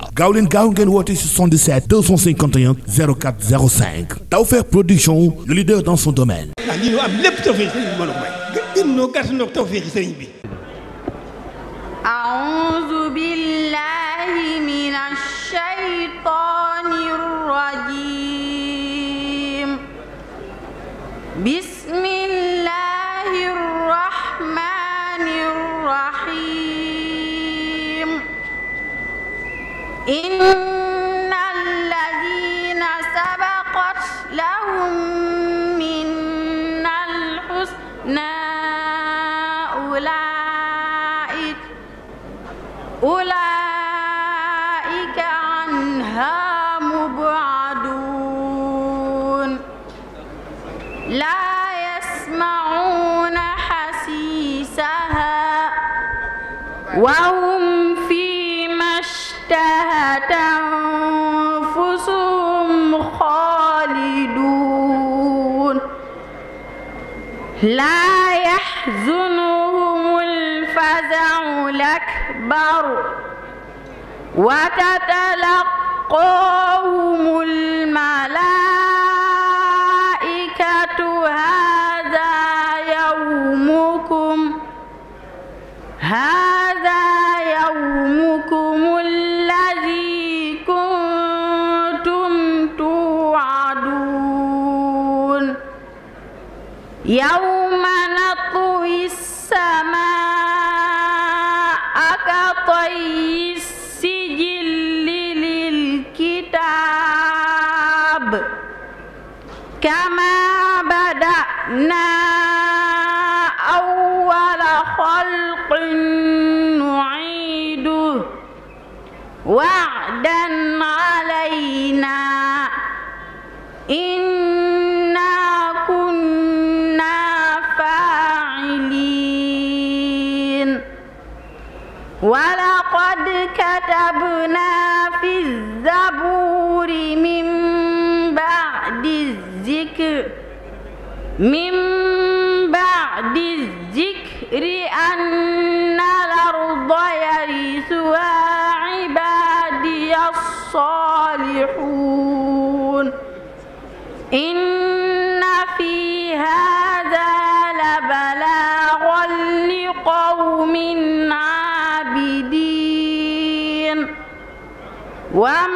waaw gaaw leen gaaw ngeen woote 77 251 04 05 Tawfekh Production le leader dans son domaine. ah lii ñu am lépp tawfeex sëriñ bi mën a may. gën noo gàtt noo tawfeex sëriñ bi. A'uuzu billaahi minash shaytaanir rajiim. إن لا يحزنهم الفزع الأكبر وتتلقاهم الملائكة هذا يومكم هذا يومكم الذي كنتم توعدون يوم كتبنا في الزبور من بعد الذكر من بعد الذكر أن الأرض يرثها عبادي الصالحون إن waa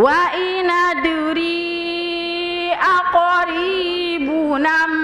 وإن أدري أقريب نم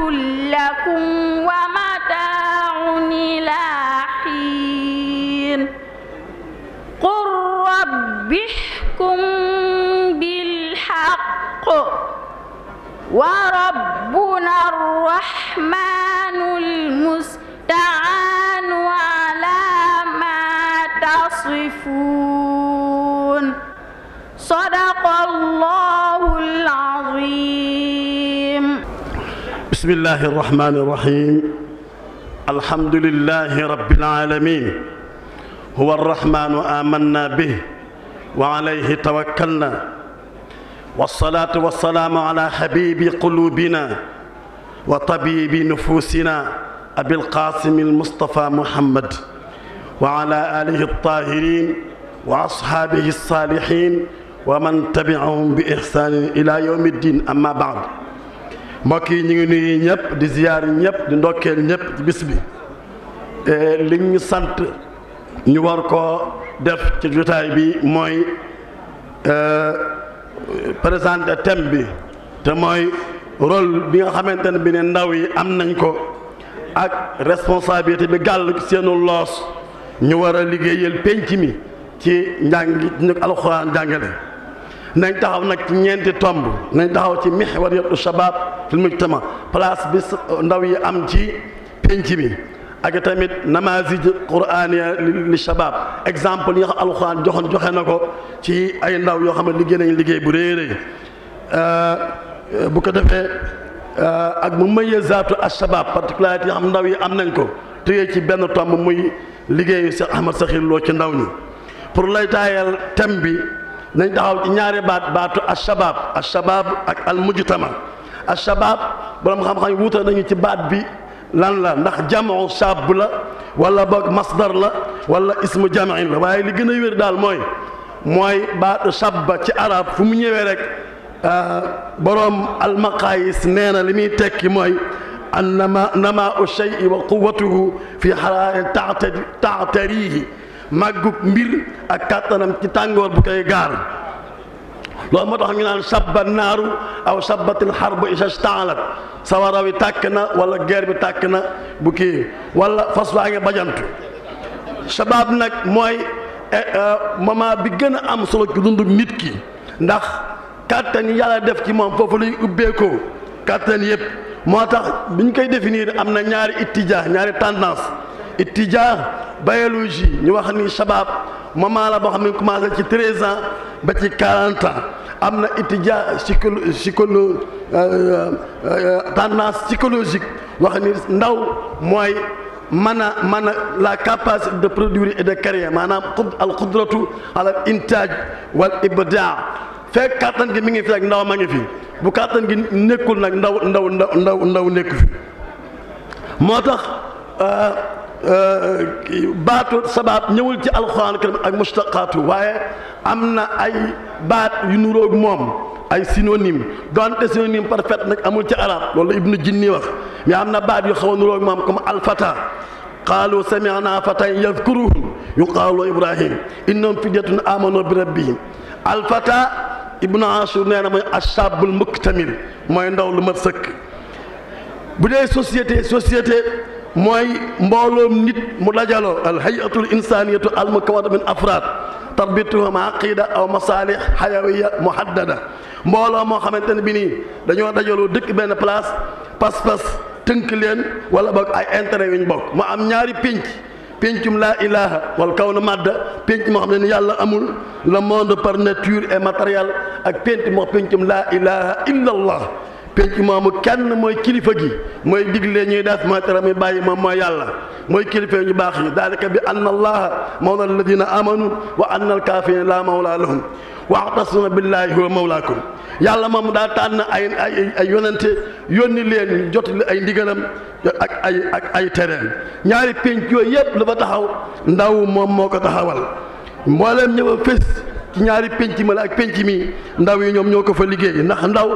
لكم ومتاع إلى حين قل رب احكم بالحق ورب بسم الله الرحمن الرحيم الحمد لله رب العالمين هو الرحمن آمنا به وعليه توكلنا والصلاة والسلام على حبيب قلوبنا وطبيب نفوسنا أبي القاسم المصطفى محمد وعلى آله الطاهرين وأصحابه الصالحين ومن تبعهم بإحسان إلى يوم الدين أما بعد mbokk yi ñu ngi nuyu ñëpp di ziyaar ñëpp di ndokkeel ñëpp ci bis bi e, li ñu sant ñu war ko def ci jotaay bi mooy e, présenter thème bi te mooy rôle bi nga xamante ne bi ne ndaw yi am nañ ko ak responsabilité bi gàll seenu loos ñu war a liggéeyal penc mi ci njàng alxuraan jàngale nañ taxaw nag ci ñeenti tomb nañ taxaw ci mihwariyatu shabab fil mujtama place bi ndaw yi am ci pénc mi ak tamit namazij qur'aniya li shabab exemple yi nga xam alxuraan joxoon joxe na ko ci ay ndaw yoo xam ne liggéey nañ liggéey bu réeréy euh, bu ko defee euh, ak mu mayezaatu al shabab particularité yoo xam ndaw yi am nañ ko téye ci benn tomb muy liggéeyu Cheikh Ahmad Sakhir Lo ci ndaw ñi pour lay taayal thème bi nañ taxaw ci baat baatu ashabab ashabab ak al mujtama ashabab borom xam-xam yi wuute nañu ci baat bi lan la ndax jamoo shaab la wala boog masdar la wala ismu jamain la waaye li gën a wér daal mooy mooy baatu shabba ci arab fu mu ñëwee rek euh, boroom almaqayis nee na li muy tekki mooy an nama nama u shey wa quwatuhu fi xaraari taatarihi màggug mbir ak kàttanam ci tàngoor bu koy gaar loolu moo tax ñu naan sabba naaru aw sabbatil xarbu istaalat sawara wi tàkk na wala ger bi tàkk na bu kii walla fas waa ngi bajantu sabab nag mooy e, e, moment bi gën a am solo ci dundu nit ki ndax kàttan yi yàlla def ci moom foofu luy ubbeekoo kàttan yëpp moo tax bi ñu koy définir am na ñaari ittijaa ñaari tendance ittijaar biologie ñu wax ni shabab moment la boo xam ne commencé ci treize ans ba ci quarante am na ittijaar psycholo psycholo euh, euh, euh, tendance psychologique wax ni ndaw mooy mën a mën a la capacité de produire et de créer maanaam xud al xudratu ala intaaj wal ibdaa fekk kàttan gi mi ngi fi ak ndaw ma ngi fi bu kàttan gi nekkul nag ndaw ndaw ndaw ndaw ndaw nekku fi moo tax Euh, baatu sabaab ñëwul ci alxuraan karim ak mustaqaatu waaye am na ay baat yu nuroog moom ay synonyme donte synonyme parfait nag amul ci arab loolu ibnu jinni wax mais am na baat yu xaw a nuroog moom comme alfata qaalu sami'na fatan yadhkuruhum yuqaalu ibrahim innahum fidyatun amanu bi rabbihim alfata ibnu ashur nee na mooy ashabul muktamil mooy ndaw lu mat sëkk bu dee société société mooy mbooloom nit mu dajaloo al hayatul insaniyatu al mukawana min afraad tarbituhum aqida aw masalih hayawiya muhaddada mbooloo moo xamante ne bi nii dañoo dajaloo dëkk benn place pas-pas tënk leen wala boog ay intérêt yu ñu bokk mu am ñaari pénc péncum laa ilaha wal kaw na madda pénc moo xam ne ni yàlla amul le monde par nature et matériel ak pénc moo péncum laa ilaha illa allah pénc moomu kenn mooy kilifa gi mooy digle ñuy daas mooy tere muy bàyyi moom mooy yàlla mooy kilifa ñu baax ñi dalika bi anna allaha la alladina amanu wa anna alkafirina la mawla lahum waxtasuma billahi huwa mawlaakum yàlla moom daa tànn ay ay ay yonente yónni leen jot ay ndigalam ak ay ak ay tereem ñaari pénc yooyu yëpp dafa taxaw ndaw moom moo ko taxawal mbooleem ñëw fés ci ñaari pénc ma la ak pénc mi ndaw yi ñoom ñoo ko fa liggéey ndax ndaw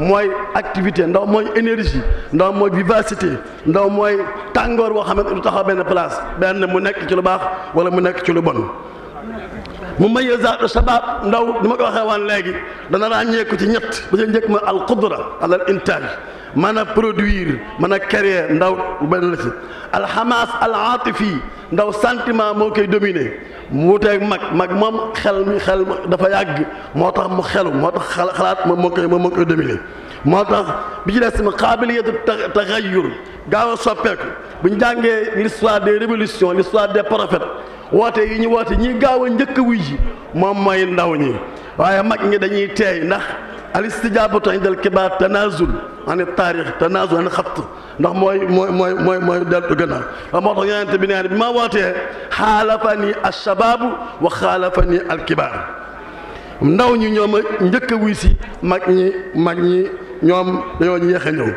mooy activité ndaw mooy énergie ndaw mooy vivacité ndaw mooy tàngoor boo xamante du taxaw benn place benn mu nekk ci lu baax wala mu nekk ci lu bon mu maye zaatu shabaab ndaw ni ma ko waxee léegi dana ràññeeku ci ñett ba ca njëkk ma al qudra alal intaaj mën a produire mën a créer ndaw benn la ci alxamaas al aatifi ndaw sentiment moo koy dominer mu wuteeg mag mag moom xel mi xel dafa yàgg moo tax mu xelu moo tax xalaat moom ma koy moom moo koy dominer moo tax bi ci des ma xaabiliyatu taxayyur gaaw a soppeeku bu ñu jàngee l'histoire des révolutions l'histoire des prophètes woote yi ñu woote ñi gaaw a njëkk a wuy ji moom mooy ndaw ñi waaye mag ñi dañuy teey ndax alistijaabatu indal kibaar tanazul ani taarix tanazul ani xatt ndax mooy mooy mooy mooy mooy deltu gannaaw wa moo tax yonente bi na ne bi ma wootee xaalafa nii alshabaabu wa xaalafa al alkibaar ndaw ñi ñoom a njëkk a wuy si mag ñi mag ñi ñoom dañoo yéex a ñëw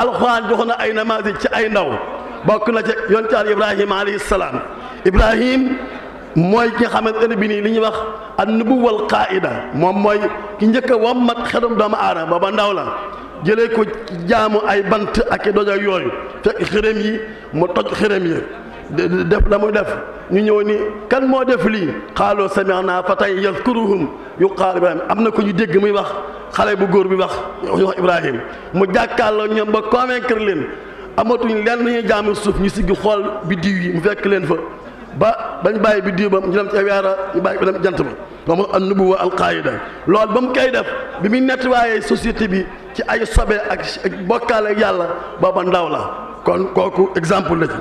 alxuraan jox na ay namaasi ci ay ndaw bokk na ci yonent Ibrahima alayhi salaam Ibrahim mooy ki nga xamante ne bi nii li ñuy wax an nubuwal qaida moom mooy ki njëkk a wammat xelum doomu aadama ba ndaw la jële ko jaamu ay bant ak i doj yooyu fekk xërëm yi mu toj xërëm yi def la mu def ñu ñëw ni kan moo def lii xaaloo sami'na fatan yazkuruhum yuqaalu ibrahim am na ko ñu dégg muy wax xale bu góor bi wax ñu ibrahim mu jàkkaarloo ñoom ba convaincre leen amatuñ lenn ñu jaamu suuf ñu siggi xool biddiw yi mu fekk leen fa ba bañ bàyyi bi diw ba ñu dem ci weera ñu bàyyi ba jant ba moom am nubuwa alqaayida lool ba mu koy def bi muy nettoyé société bi ci ay sobe ak bokkaale yàlla booba ndaw la kon kooku exemple la ci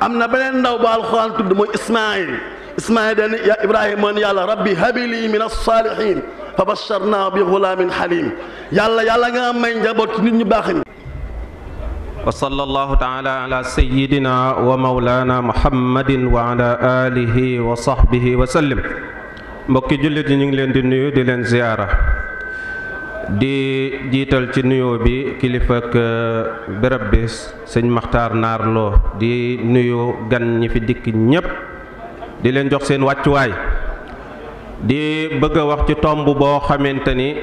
am na beneen ndaw ba alxuraan tudd mooy ismail ismail dan ya ibrahima yàlla rabbi habili min alsaalihin fa basharnaa bi gulaamin halim yàlla yàlla nga may njaboot ci nit ñu baax ñi wa sallallahu taala ala sayyidina wa mawlana muhammadin wa ala alihi wa sahbihi wa sallim mbokki jullit yi ñu ngi leen di nuyu di leen ziyaara di jiital ci nuyoo bi kilifa ak euh, béréb bi sëñ Maxtaar Naar di nuyu gan ñi fi dikk ñépp di leen jox seen wàccuwaay di bëgg wax ci tomb boo xamante ni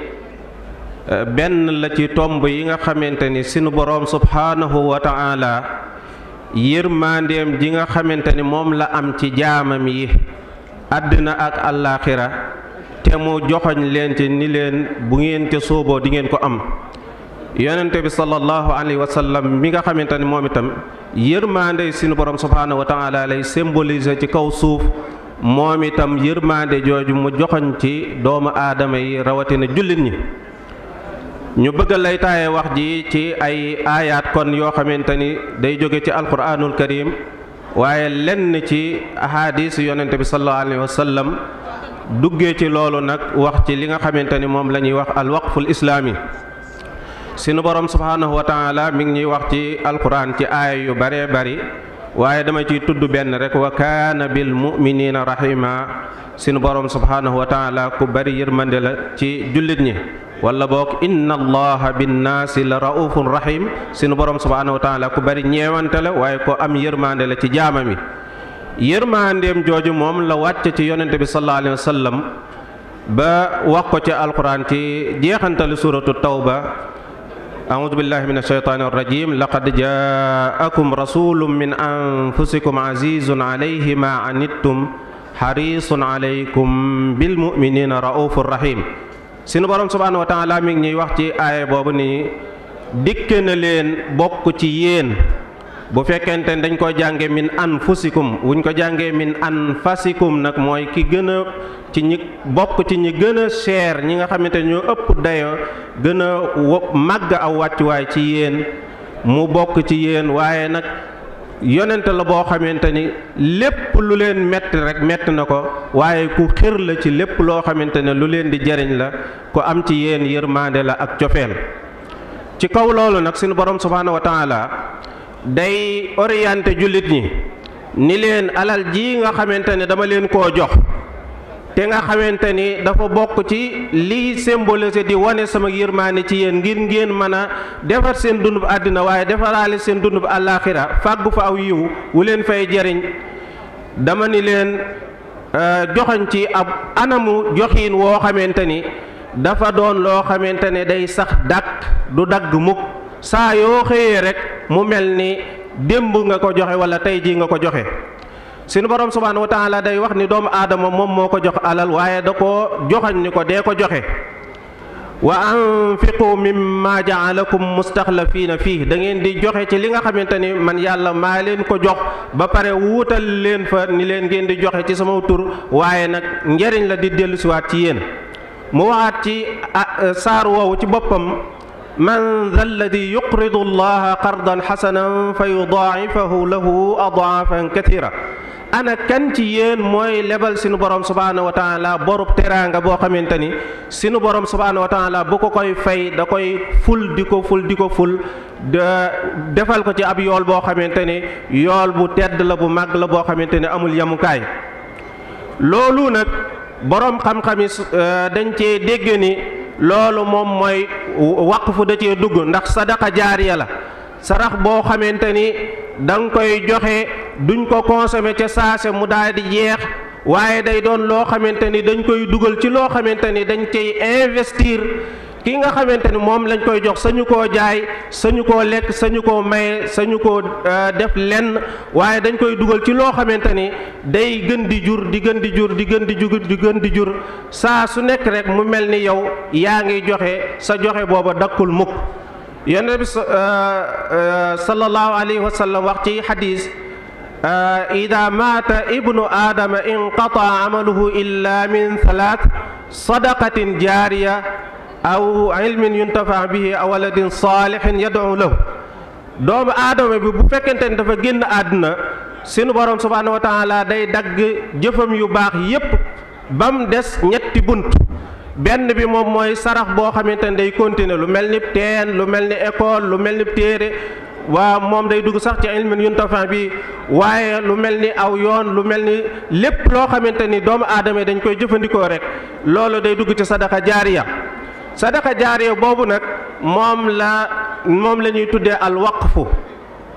benn la ci tomb yi nga xamante ni sunu boroom subhaanahu wa ta'ala yërmandeem ji nga xamante ni moom la am ci jaamam yi àddina ak àllaaxira te mu joxoñ leen ci ni leen bu ngeen ca sooboo di ngeen ko am yonente bi sallallahu alayhi wa sallam mi nga xamante ni moom itam yërmande sunu borom subhaanahu wa taala lay symboliser ci kaw suuf moom itam yërmande jooju mu joxoñ ci doomu aadama yi rawatina jullit ñi ñu bëgg lay taaye wax ji ci ay aayaat kon yoo xamante ni day jóge ci alquraanul karim waaye lenn ci ahadis yonent bi sallallahu alayhi wa sallam duggee ci loolu nag wax ci li nga xamante ni moom lañuy wax wax alwaqful islaami sunu borom subhaanahu wa taala mi ngi ñuy wax ci alquran ci aaya yu baree bari waaye dama ciy tudd benn rek wa kaana bil muminina rahima sunu borom subhaanahu wa taala ku bari yërmande la ci jullit ñi wala boog inna allaha binnaasi la raufun rahim sunu borom subhaanahu wa taala ku bari ñeewante la waaye ko am yërmande la ci jaamami yërmandeem jooju moom la wàcce ci yonente bi sallallahu alayhi wa sallam ba wax ko ci alquran ci jeexantalu suratu tawba أعوذ بالله من الشيطان الرجيم لقد جاءكم رسول من أنفسكم عزيز عليه ما عنتم حريص عليكم بالمؤمنين رؤوف رحيم sunu borom subhaanahu wa taala mi ngi ñuy wax ci aaya boobu ni dikk na leen bokk ci yéen bu fekkente ne dañ ko jànge min anfusikum wuñ ko jàngee min an anfasikum nag mooy ki gën a ci ñi bokk ci ñi gën a cher ñi nga xamante ñoo ëpp dayoo gën a màgg aw wàccuwaay ci yéen mu bokk ci yéen waaye nag yonent la boo xamante ni lépp lu leen metti rek metti na ko waaye ku xër la ci lépp loo xamante ne lu leen di jariñ la ku am ci yéen yërmande la ak cofeel ci kaw loolu nag suñu borom subhaanahu day orienté jullit ñi ni leen alal ji nga xamante ne dama leen koo jox te nga xamante ni dafa bokk ci liy symboliser di wane sama yërmaane ci yéen ngir ngeen mën a defar seen dund àddina waaye defaraale seen dund bu àllaaxira fàggu fa aw yiw wu leen fay jariñ dama ni leen euh, joxoñ ci ab anamu joxiin woo xamante ni dafa doon loo xamante ne day sax dàq du dagg mukk saa yoo xëyee rek mu mel ni démb nga ko joxe wala tey jii nga ko joxe sunu borom subhaanahu wa day wax ni doomu aadama moom moo ko jox alal waaye da koo joxañ ni ko dee ko joxe wa anfiqu mimma mustax la fii fii dangeen di joxe ci li nga xamante ni man yàlla maa leen ko jox ba pare wuutal leen fa ni leen ngeen di joxe ci sama tur waaye nag njëriñ la di dellusiwaat ci yéen mu waxaat ci ah, saar woowu ci boppam man dha alladi yuqridu allaha qardan xasanan fa yudaa'ifahu lahu adaafan kathiira ana kan ci yéen mooy lebal sunu borom subhaanahu wa taala borub teraanga boo xamante ni sunu borom subhaanahu wa taala bu ko koy fay da koy ful di ko ful di ko ful defal ko ci ab yool boo xamante ni yool bu tedd la bu màgg la boo xamante ni amul yamukaay loolu nag borom xam-xam euh, dañ cee dégg ni. loolu moom mooy waqfu da cee dugg ndax sadaqa jaariya la sarax boo xamante ni da koy joxe duñ ko consommer ca saase mu daal di jeex waaye day doon loo xamante ni dañ koy dugal ci loo xamante ni dañ cay investir ki nga xamante ni moom lañ koy jox sañu koo jaay sañu koo lekk sañu koo maye sañu ko euh, def lenn waaye dañ koy dugal ci loo xamante ni day gën di jur di gën di jur di gën di jur di gën di jur saa su nekk rek mu mel ni yow yaa ngiy joxe sa joxe booba dakkul mukk yonent bi euh, euh, sallallahu alayhi wa sallam wax ci xadiis ida maata ibnu aadama inqataa amaluhu illa min thalaat sadaqatin jaariya aw ilmin yuntafa bihi aw waladin saalihin yad'u lahu doomu aadama bi bu fekkente ni dafa génn àdduna sunu borom subhaanahu day dagg jëfam yu baax yépp bam des ñetti bunt benn bi moom mooy sarax boo xamante ni day continuer lu mel ni teen lu mel ni école lu mel ni téere waa moom day dugg sax ci ilmin yuntafan bi waaye lu mel ni aw yoon lu mel ni lépp loo xamante ni doomu aadama dañ koy jëfandikoo rek loolu day dugg ci sadaqa jaariya sadaqa jaariya boobu nag moom la moom la ñuy tuddee alwaqfu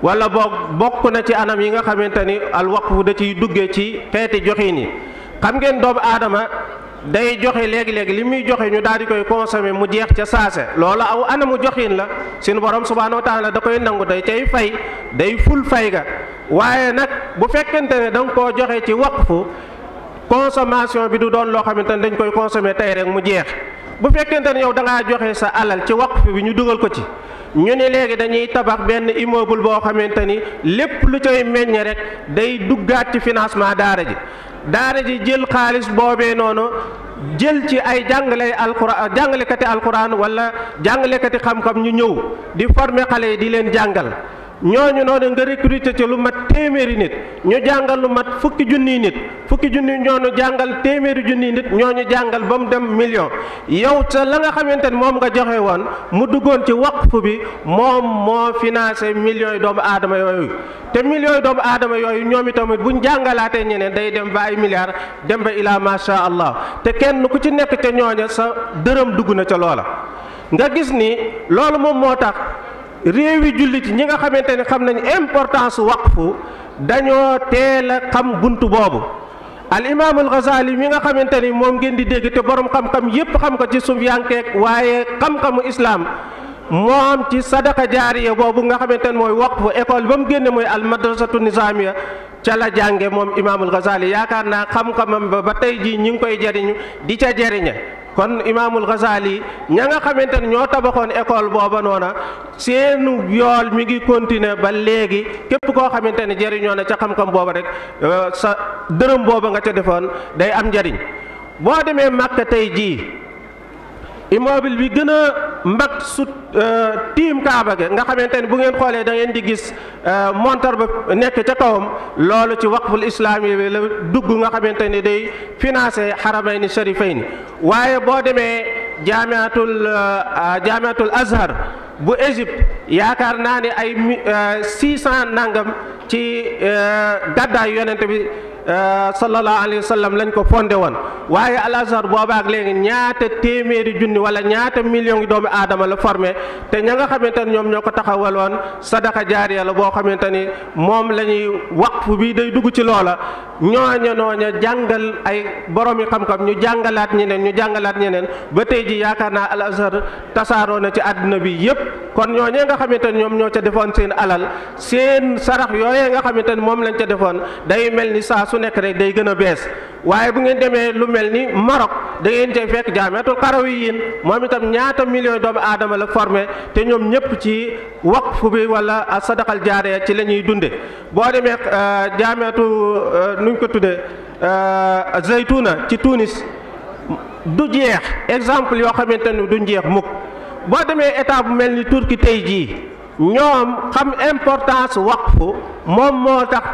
wala boog bokk na ci anam yi nga xamante ni alwaqfu da ciy duggee ci xeeti joxin yi xam ngeen doomu aadama day joxe léegi-léegi li muy joxe ñu daal di koy consommer mu jeex ca saase loolu aw anamu joxin la suñu borom subhaanahu wa taala da koy nangu day cay fay day ful fay ga waaye nag bu fekkente ne da ko joxe ci waqfu consommation bi du doon loo xamante ne dañ koy consommer tey rek mu jeex bu fekkente ne yow da joxe sa alal ci waqf bi ñu dugal ko ci ñu ne léegi dañuy tabax benn immeuble boo xamante ni lépp lu cay meññ rek day duggaat ci financement daara ji daara ji jël xaalis boobee noonu jël ci ay jàngale alquran jàngalekati alquran wala jàngalekati xam-xam ñu ñëw di former xale yi di leen jàngal. ñooñu noonu nga recruter ci lu mat téeméeri nit ñu jàngal lu mat fukki junniy nit fukki junni ñoonu jàngal téeméeri junniy nit ñoo ñu jàngal ba mu dem million yow sa la nga xamante ne moom nga joxe woon mu duggoon ci wax waqfu bi moom moo financé millions yi doomu aadama yooyu te million yi doomu aadama yooyu ñoom itamit buñ jàngalaatee ñeneen day dem ba ay milliards dem ba ilaa macha allah te kenn ku ci nekk ca ñooña sa dërëm dugg na ca loola nga gis ni loolu moom moo tax réewi jullit ñi nga xamante ne xam nañu importance wax waqfu dañoo teel a xam bunt boobu al imaam al Ghazali mi nga xamante ni moom ngeen di dégg te borom xam-xam yépp xam ko ci sufyankeek waaye xam-xamu islaam moom ci sadaka jaariya boobu nga xamante ne mooy waqfu école ba mu génne mooy al madrasatu nizaamiya ca la jànge moom imaamul Ghazali yaakaar naa xam-xamam ba ba tey jii ñu ngi koy jariñu di ca jariñe kon imaamul Ghazali ña nga xamante ne ñoo tabaxoon école booba noona seenu yool mi ngi continuer ba léegi képp koo xamante ne jëriñoo na ca xam-xam booba rek euh, sa dërëm booba nga ca defoon day am njëriñ boo demee Màkka tey jii. immobile bi gën a mbag su euh, tiim kaaba ga nga xamante ni bu ngeen xoolee da ngeen di gis euh, montar ba nekk ca kawam loolu ci waqful islaami bi la dugg nga xamante ni day financé xaramayni sharifayni waaye boo demee jaamiatul euh, jaamiatul azhar bu Égypte yaakaar naa ne ay euh, six cent nangam ci euh, gàddaayu yonent bi euh, sallallahu alayhi wa sallam lañ ko fondé woon waaye Al Azhar boobaak léegi ñaata téeméeri junni wala ñaata million yi doomu aadama la formé te ña nga xamante ne ñoom ñoo ko taxawaloon woon sadaka jaariya la boo xamante ni moom la ñuy waqf bi day dugg ci loola ñooña ñooña jàngal ay boromi xam-xam ñu jàngalaat ñeneen ñu jàngalaat ñeneen ba tey ji yaakaar naa Al Azhar tasaaroo na ci àdduna bi yépp kon ñoo ñooñee nga xamante ni ñoom ñoo ca defoon seen alal seen sarax yooyee nga xamante ni moom lañ ca defoon day mel ni saa su nekk rek day gën a bees waaye bu ngeen demee lu mel ni Maroc da ngeen cee fekk jaamiatul Qarawiyyin moom itam ñaata million doomu aadama la formé te ñoom ñëpp ci waqf bi wala sadaqal jaariya ci lañuy dunde boo demee euh, jaamiatu euh, nuñ ko tuddee euh, Zaytuna ci Tunis du jeex exemple yoo xamante ni duñ jeex mukk boo demee état bu mel ni turki tey jii ñoom xam importance waqfu moom moo tax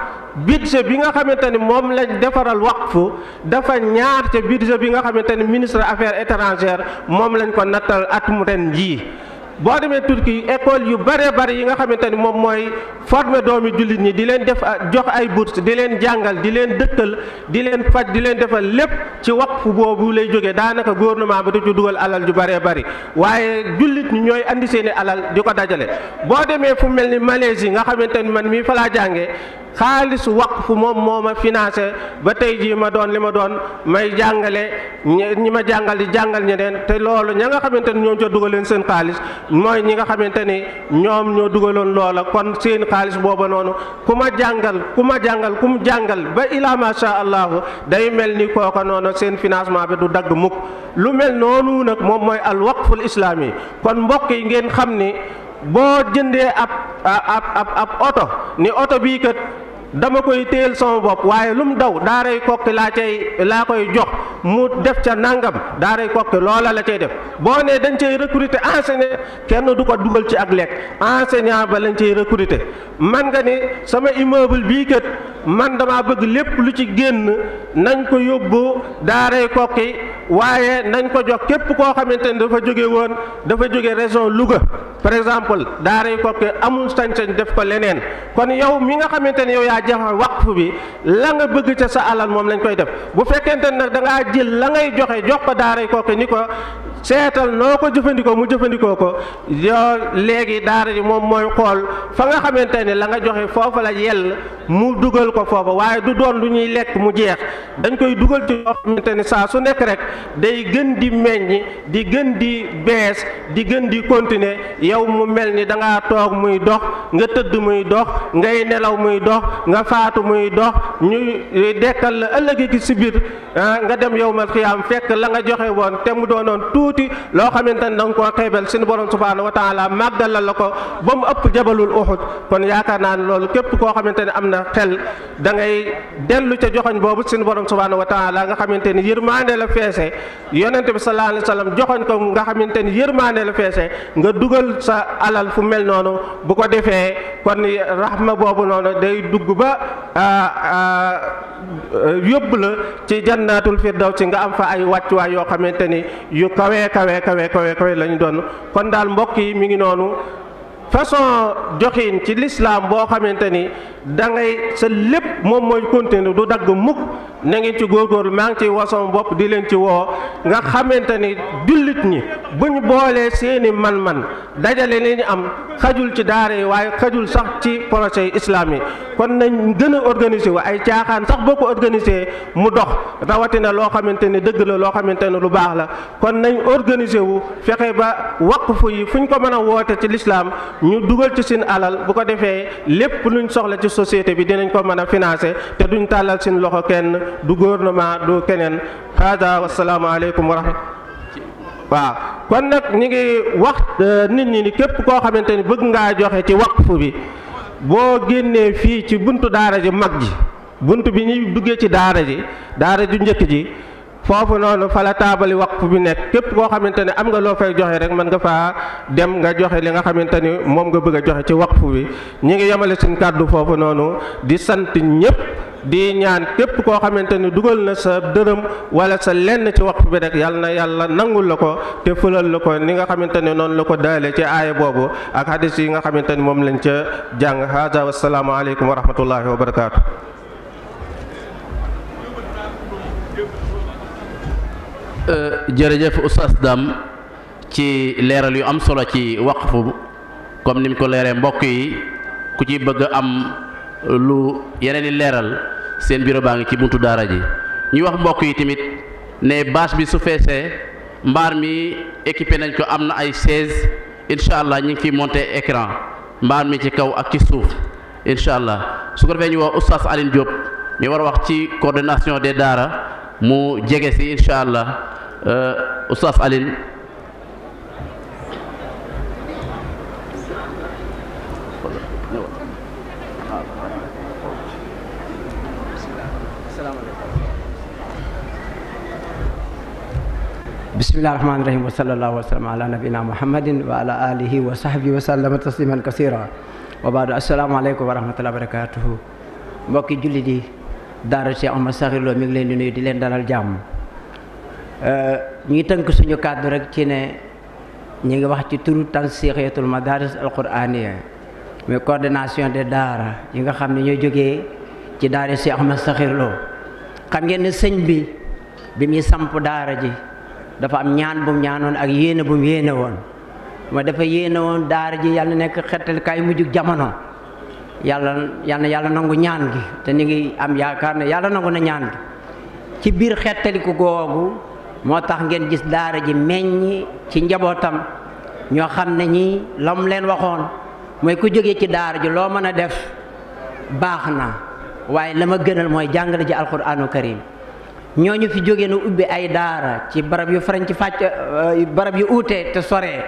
budget bi nga xamante ni moom lañ defaral waqfu dafa ñaar ca budget bi nga xamante ni ministre affaire étrangères moom lañ ko nattal mu ren jii boo demee turki école yu bëree bëri yi nga xamante ni moom mooy former doomi jullit ñi di leen def jox ay bourse di leen jàngal di leen dëkkal di leen faj di leen defal lépp ci waqf boobu lay jóge daanaka gouvernement bi da ci dugal alal ju bëree bari waaye jullit ñi ñooy indi seeni alal di ko dajale boo demee fu mel ni Malaisie nga xamante ni man mii fa laa jàngee xaalisu waqfu moom moo ma financé ba tey jii ma doon li ma doon may jàngale ñi ma jàngal di jàngal ñeneen te loolu ña nga xamante ni ñoom ñoo dugaleen seen xaalis mooy ñi nga xamante ni ñoom ñoo dugaloon loola kon seen xaalis booba noonu ku ma jàngal ku ma jàngal ku mu jàngal ba ilaa macha allahu day mel ni kooka noonu seen financement bi du dagg mukk lu mel noonu nag moom mooy al islaam yi kon mbokk yi ngeen xam ni boo jëndee ab ab ab ab dama koy téyel sama bopp waaye lu mu daw daaray kokki laa cay laa koy jox mu def ca nangam daaray kokki loola la cay def boo nee dañ cay recruter enseignant kenn du ko dugal ci ak lekk enseignant ba lañ cay recruter man nga ni sama immeuble bii kët man dama bëgg lépp lu ci génn nañ ko yóbbu daaray kokki waaye nañ ko jox képp koo xamante ni dafa jóge woon dafa jóge région Louga par exemple daaray kokki amul sañ-sañ def ko leneen kon yow mi nga xamante yow yaa ngaa joxe waqf bi la nga bëgg ca sa alal moom lañ koy def bu fekkente nag da ngaa jël la ngay joxe jox ko daaray kooke ni ko seetal noo ko jëfandikoo mu jëfandikoo ko yoo léegi daara ji moom mooy xool fa nga xamante ne la nga joxe foofu la yell mu dugal ko foofa waaye du doon lu ñuy lekk mu jeex dañ koy dugal ci ne saa su nekk rek day gën di meññ di gën di bees di gën di continuer yow mu mel ni da ngaa toog muy dox nga tëdd muy dox ngay nelaw muy dox nga faatu muy dox ñuy dekkal la ëllëg gi si biir ah, nga dem yowmal xiyaam fekk la nga joxe woon te mu doonoon tuuti loo xamante ne da nga koo xeebal suñu borom subhaanahu wa taala la ko ba mu ëpp jabalul uxud kon yaakaar naa ne loolu képp koo xamante ne am na xel da ngay dellu ca joxoñ boobu suñu borom subhaanahu wa taala nga xamante ni yërmaande la feese yonente bi sallallahu alayhi wa sallam joxoñ ko nga xamante ni yërmaande la feese nga dugal sa alal fu mel noonu bu ba yóbbu la ci jannaatul firdaw ci nga am fa ay wàccuwaay yoo xamante ni yu kawe kawe kawe kawe lañu doon kon daal mbokk yi mi ngi noonu façon joxin ci lislaam boo xamante ni da sa lépp moom mooy continuer du dagg mukk na ngeen ci góorgóorlu maa ngi ciy wasoon bopp di leen ci woo nga xamante ni jullit ñi bu ñu boolee seeni man-man dajale li ñu am xajul ci daara yi waaye xajul sax ci projet islaam yi kon nañ gën a organiser wu ay caaxaan sax boo ko organiser mu dox rawatina loo xamante ni dëgg la loo xamante ni lu baax la kon nañ organiser wu fexe ba waqfu yi fu ñu ko mën a woote ci lislaam ñu dugal ci seen alal bu ko defee lépp luñ soxla ci société bi dinañ ko mën a financer te duñ tàllal seen loxo kenn du gouvernement du keneen hada wasalaamaaleykum wa rahmatulah waaw kon nag ñi ngi wax euh, nit ñi ni képp koo xamante ni bëgg ngaa joxe ci waqfu bi boo génnee fii ci buntu daara ji mag ji bunt bi ñuy duggee ci daara ji daara ju njëkk ji foofu noonu fa la taabali waqf bi nekk képp koo xamante ne am nga loo fay joxe rek mën nga faa dem nga joxe li nga xamante ni moom nga bëgg a joxe ci waqf bi ñu ngi yemale suñ kàddu foofu noonu di sant ñëpp di ñaan képp koo xamante ni dugal na sa dërëm wala sa lenn ci waqf bi rek yàlla na yàlla nangul la ko te fëlal la ko ni nga xamante ne noonu la ko daale ci aaya boobu ak hadis yi nga xamante ni moom lañ ca jàng hada wasalaamu aleykum wa wa Euh, jërëjëf oustaz Dame ci leeral yu am solo ci waqfu comme ni mu ko leeree mbokk yi ku ci bëgg am lu yeneen yi leeral seen bureau baa ngi ci buntu daara ji ñuy wax mbokk yi tamit ne bâche bi su feesee mbaar mi équipé nañ ko am na ay seize incha allah ñu ngi fi monté écran mbaar mi ci kaw ak ci suuf incha allah su ko defee ñu woo oustaz Aline Diop mi war a wax ci coordination des daara. mu jege si incha allah euh, Oustaz Alioune bismillahi rahmaani rahim wa sallallahu wa sallam ala nabina muhammadin wa ala alihi wa sahbihi wa sallama tasliman kasira wa baadu asalaamaaleykum wa rahmatullahi wa barakatuhu mbokki jullit yi daara Cheikh Oumar Sakhir Lo mi ngi leen di nuyu di leen dalal jàmm euh, ñuy tënk suñu kàddu rek ci ne ñu ngi wax ci turu Tansikhiyatul Madaris Al Qur'aniyya mais coordination des daara yi nga xam ne ñoo jógee ci daara Cheikh Oumar Sakhir xam ngeen sëñ bi bi muy samp daara ji dafa am ñaan bu mu ñaanoon ak yéene bu mu yéene woon mooy dafa yéene woon daara ji yàlla nekk xetal kaay mujj jamono. yàlla yal yàlla nangu ñaan gi te ñu ngi am yaakaar ne yàlla nangu na ñaan gi ci biir xettaliku googu moo tax ngeen gis daara ji meññ ci njabootam ñoo xam ne ñii la mu leen waxoon mooy ku jóge ci daara ji loo mën a def baax na waaye la ma gënal mooy jàngale ji alquraanu karim ñooñu fi jógee na ubbi ay daara ci barab yu farañ ci fàcc barab yu uute te sore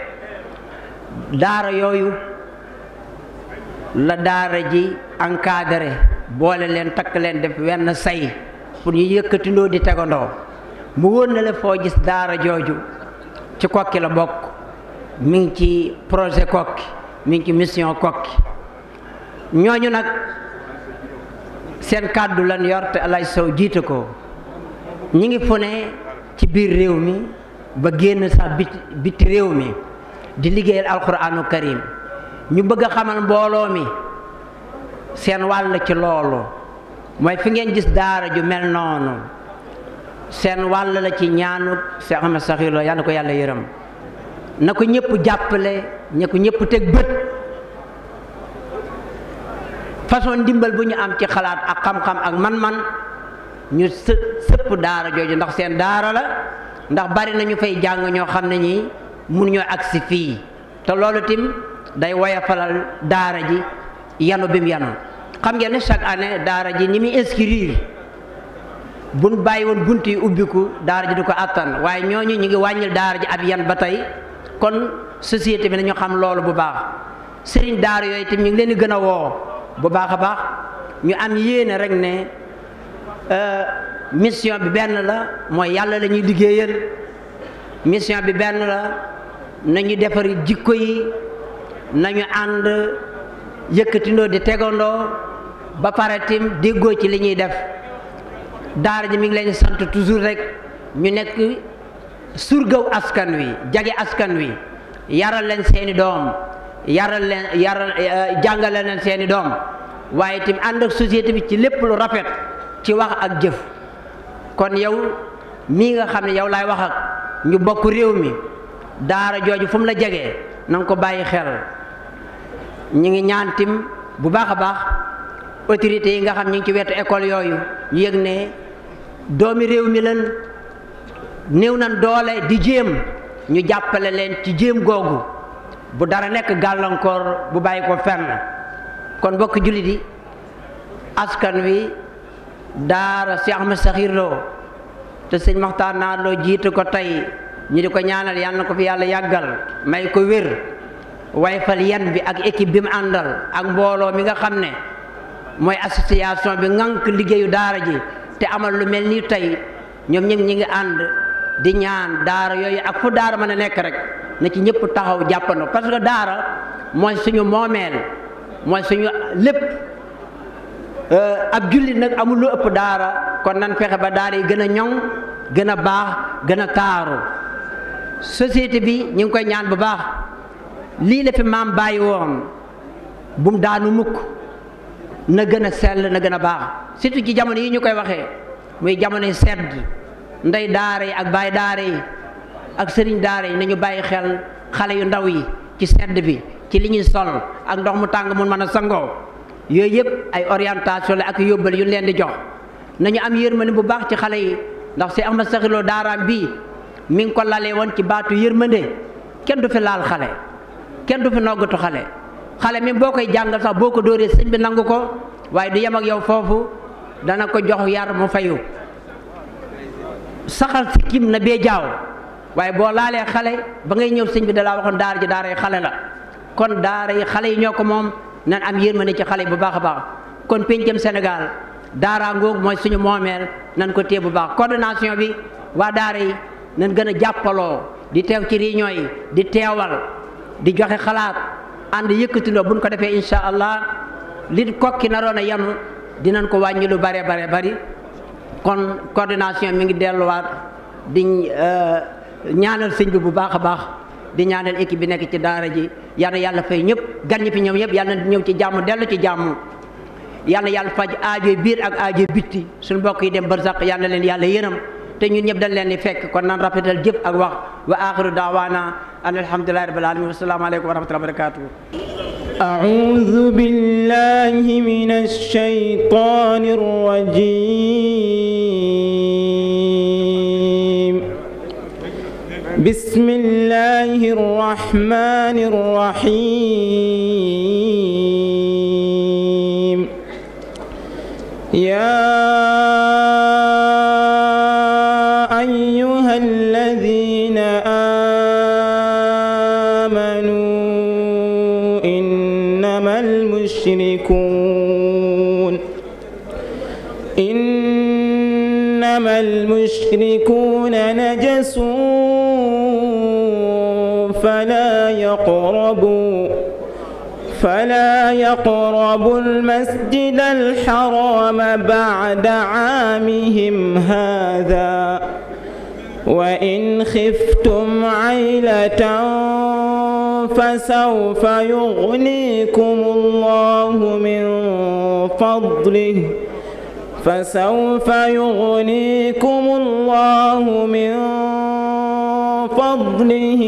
daara yooyu la daara ji encadré boole leen takk leen def wenn say pour yi yëkkatindoo di tegandoo mu wóor na la foo gis daara jooju ci kokki la bokk mi ngi ci projet kokki mi ngi ci mission kokki ñooñu nag seen kàddu lan yor te alay sow jiite ko ñu ngi fu ne ci biir réew mi ba génn sax biti biti réew mi di liggéeyal alquraanu karim ñu bëgg a xamal mbooloo mi seen wàll ci loolu mooy fi ngeen gis daara ju mel noonu seen wàll la ci ñaanu Cheikh Ahmed Sakhir Lo ko yàlla yërëm na ko ñëpp jàppale ña ko ñëpp teg bët façon ndimbal bu ñu am ci xalaat ak xam-xam ak man-man ñu së sëpp daara jooju ndax seen daara la ndax bari na ñu fay jàng ñoo xam ne ñi mun ñoo agsi fii te loolu day woyafalal daara ji yanu bi mu yanu xam ngeen ne chaque année daara ji ni muy inscrire buñ bàyyi woon bunt yi ubbiku daara ji du ko attan waaye ñooñu ñu ngi wàññil daara ji ab yan ba tey kon société bi nañu xam loolu bu baax sëriñ daara yooyu tam ñu ngi leen di gën a woo bu baax a baax ñu am yéene rek ne euh, mission bi benn la mooy yàlla lañuy ñuy liggéeyal mission bi benn la nañu defar jikko yi nañu ànd yëkkatindoo di tegandoo ba pare tim déggoo ci li ñuy def daara ji mi ngi leen sant toujours rek ñu nekk surgaw askan wi jage askan wi yaral leen seeni doom yaral leen yaral eh, jàngale leen seeni doom waaye tim ànd ak société bi ci lépp lu rafet ci wax ak jëf kon yow mii nga xam ne yow laay wax ak ñu bokk réew mi daara jooju fu mu la jege na ko bàyyi xel ñi ngi ñaan tim bu baax a baax autorités yi nga xam ñu ngi ci wetu école yooyu ñu yëg ne doomi réew mi lan néew na doole di jéem ñu jàppale leen ci jéem googu bu dara nekk gàllankoor bu bàyyi ko fenn kon bokk jullit yi askan wi daara si Ahmed Sakhir te sëñ Maxtaar naa loo jiite ko tey ñu di ko ñaanal yàlla na ko fi yàlla yàggal may ko wér way wayfal yan bi ak équipe bi mu àndal ak mbooloo mi nga xam ne mooy association bi ŋànk liggéeyu daara ji te amal lu mel nii tey ñoom ñëpp ñi ngi ànd di ñaan daara yooyu ak fu daara mën a nekk rek na ci ñëpp taxaw jàppandoo parce que daara mooy suñu moomeel mooy suñu lépp euh, ab jullit nag amul lu ëpp daara kon nan fexe ba daar yi gën a ñoŋ gën a baax gën a taaru société bi ñu ngi koy ñaan bu baax lii la fi maam bàyyi woon bu mu daanu mukk na gën a sell na gën a baax surtout ci jamono yi ñu koy waxee muy jamono sedd ndey daara yi ak baay daara yi ak sëriñ daara yi nañu bàyyi xel xale yu ndaw yi ci sedd bi ci li ñuy sol ak ndox mu tàng mun mën a sangoo yooyu yëpp ay orientation la ak yóbbal yu leen di jox nañu am yërmande bu baax ci xale yi ndax si Ahmad Saxiloo daaraam bii mi ngi ko lalee woon ci baatu yërmande kenn du fi laal xale kenn du fi noggatu xale xale mi boo koy jàngal sax boo ko dooree sëñ bi nangu ko waaye du yem ak yow foofu dana ko jox yar mu fayu saxal sikkim na bee jaaw waaye boo laalee xale ba ngay ñëw sëñ bi dalaa waxoon daara ji daara yi xale la kon daara yi xale yi ñoo ko moom nan am yërmande ci xale bu baax a baax kon péncam Sénégal daara ngoog mooy suñu moomeel nan ko téye bu baax coordination bi waa daara yi nan gën a jàppaloo di teew ci réunion yi di joxe xalaat ànd bu buñ ko defee incha allah li kokki naroon a yanu dinañ ko wàññi lu bare bare bari kon coordination mi ngi delluwaat di euh, ñaanal sëñ bi bu baax a baax di ñaanal équipe bi nekk ci daara ji yal yàlla fay ñëpp gan ñi fi ñëw ñëpp yàlla na ñëw ci jàmm dellu ci jàmm yal na yàlla faj aajo biir ak aajo bitti suñu mbokk yi dem barzak yal yàlla leen yàlla yërëm te ñun ñëpp dañ leen di fekk kon nan rafetal jëf ak wax wa axiru daawaana أن الحمد لله رب العالمين والسلام عليكم ورحمة الله وبركاته أعوذ بالله من الشيطان الرجيم بسم الله الرحمن الرحيم يا المشركون إنما المشركون نجس فلا يقربوا فلا يقربوا المسجد الحرام بعد عامهم هذا وإن خفتم عيلة فسوف يغنيكم الله من فضله فسوف يغنيكم الله من فضله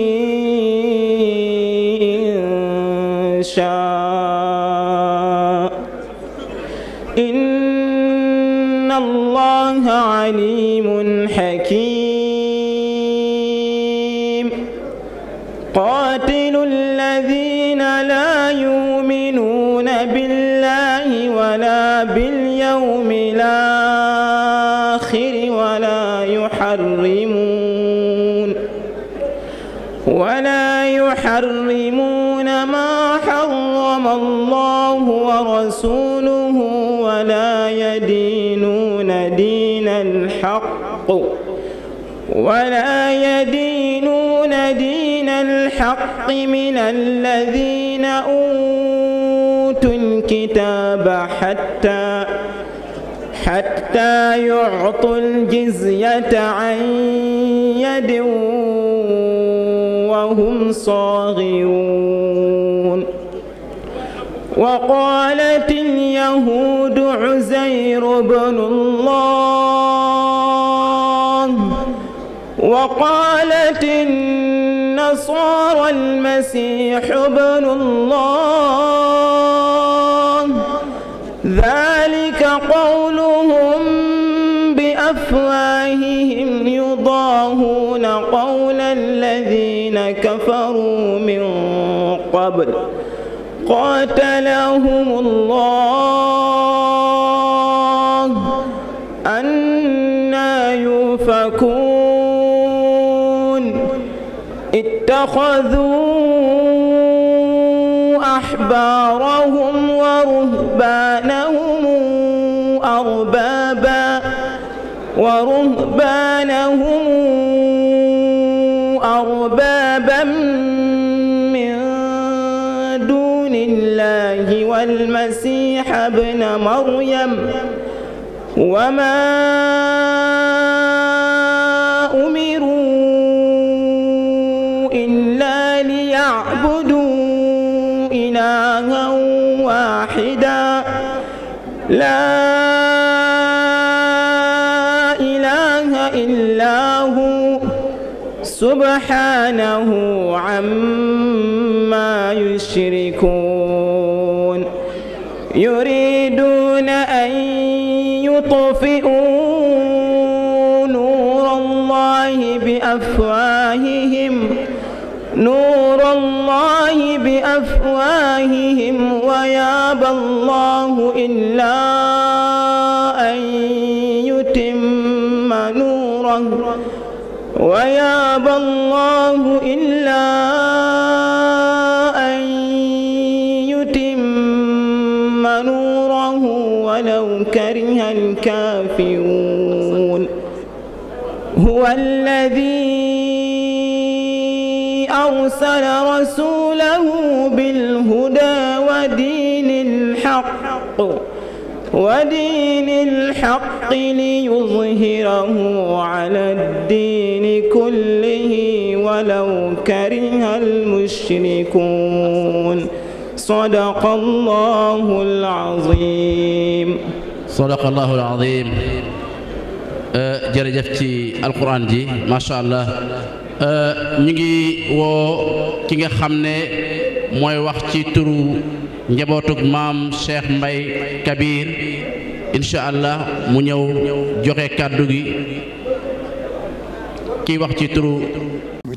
إن شاء ولا يحرمون ما حرم الله ورسوله ولا يدينون دين الحق ولا يدينون دين الحق من الذين أوتوا الكتاب حتى حتى يعطوا الجزية عن يد وهم صاغرون وقالت اليهود عزير بن الله وقالت النصارى المسيح بن الله الذين كفروا من قبل قاتلهم الله أنا يؤفكون اتخذوا أحبارهم ورهبانهم أربابا ورهبانهم المسيح ابن مريم وما أمروا إلا ليعبدوا إلها واحدا لا إله إلا هو سبحانه عما يشركون يريدون أن يطفئوا نور الله بأفواههم نور الله بأفواههم ويابى الله إلا أن يتم نوره ويابى الله إلا الذي أرسل رسوله بالهدى ودين الحق ودين الحق ليظهره على الدين كله ولو كره المشركون صدق الله العظيم صدق الله العظيم Euh, jërëjëf ci alquran ji macha allah euh, ñu ngi woo ki nga xam ne mooy wax ci turu njabootug maam Cheikh mbay Kabir incha allah mu ñëw joxe kàddu gi kiy wax ci turu.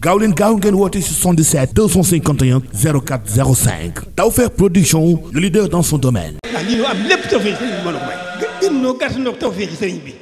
gaaw leen gaaw ngeen woote 77 251 04 05 Tawfekh Production le leader dans son domaine. ndax ah, lii am lépp tawfeex sëriñ bi mën a may. gën noo gàtt noo tawfeex sëriñ bi.